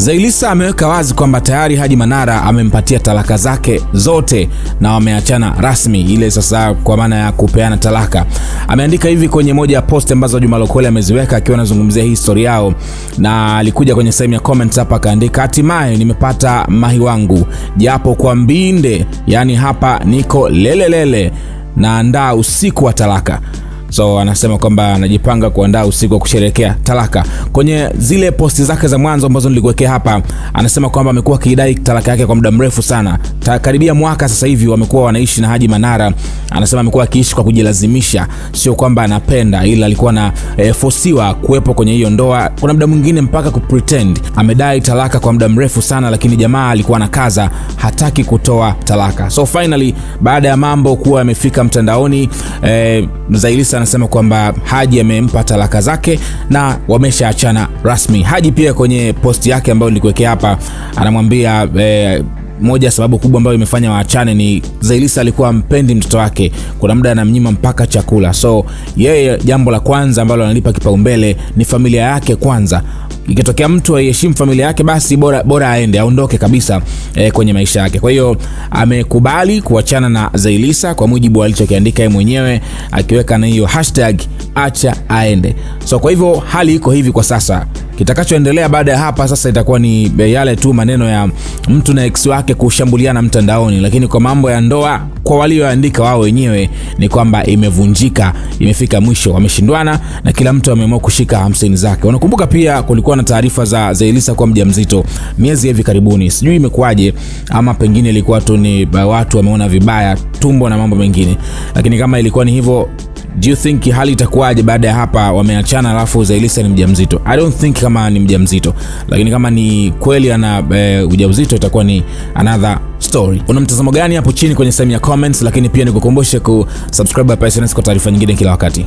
Zailisa ameweka wazi kwamba tayari Haji Manara amempatia talaka zake zote na wameachana rasmi, ile sasa kwa maana ya kupeana talaka. Ameandika hivi kwenye moja ya post ambazo Juma Lokole ameziweka akiwa anazungumzia hii story yao, na alikuja kwenye sehemu ya comments hapa akaandika, hatimaye nimepata mahi wangu japo kwa mbinde, yani hapa niko lelelele, naandaa usiku wa talaka. So anasema kwamba anajipanga kuandaa usiku wa kusherekea talaka. Kwenye zile posti zake za mwanzo ambazo nilikuwekea hapa, anasema kwamba amekuwa akidai talaka yake kwa muda mrefu sana, takaribia mwaka sasa hivi wamekuwa wanaishi na Haji Manara. Anasema amekuwa akiishi kwa kujilazimisha, sio kwamba anapenda, ila alikuwa na e, fosiwa kuwepo kwenye hiyo ndoa. Kuna muda mwingine mpaka kupretend amedai talaka kwa muda mrefu sana, lakini jamaa alikuwa na kaza, hataki kutoa talaka. So finally baada ya mambo kuwa yamefika mtandaoni, e, Zailisa anasema kwamba Haji amempa talaka zake na wameshaachana rasmi. Haji pia kwenye posti yake ambayo nilikuwekea hapa anamwambia eh, moja sababu kubwa ambayo imefanya waachane ni Zailisa alikuwa ampendi mtoto wake, kuna muda anamnyima mpaka chakula. So yeye jambo la kwanza ambalo analipa kipaumbele ni familia yake kwanza. Ikitokea mtu aiheshimu familia yake, basi bora, bora aende aondoke kabisa eh, kwenye maisha yake. Kwa hiyo amekubali kuachana na Zailisa kwa mujibu alichokiandika yeye mwenyewe, akiweka na hiyo hashtag acha aende. So kwa hivyo hali iko hivi kwa sasa. Kitakachoendelea baada ya hapa sasa itakuwa ni yale tu maneno ya mtu na ex wake kushambuliana mtandaoni, lakini kwa mambo ya ndoa kwa walioandika wao wenyewe ni kwamba imevunjika, imefika mwisho, wameshindwana na kila mtu ameamua kushika hamsini zake. Unakumbuka pia kulikuwa na taarifa za Zailisa kuwa mjamzito miezi hivi karibuni, sijui imekuwaje, ama pengine ilikuwa tu ni watu wameona vibaya tumbo na mambo mengine, lakini kama ilikuwa ni hivyo do you think hali itakuwaje baada ya hapa wameachana, alafu Zailisa ni mjamzito? I don't think kama ni mjamzito, lakini kama ni kweli ana eh, ujauzito itakuwa ni another story. Una mtazamo gani hapo chini kwenye sehemu ya comments, lakini pia nikukumbushe kusubscribe hapa SnS kwa taarifa nyingine kila wakati.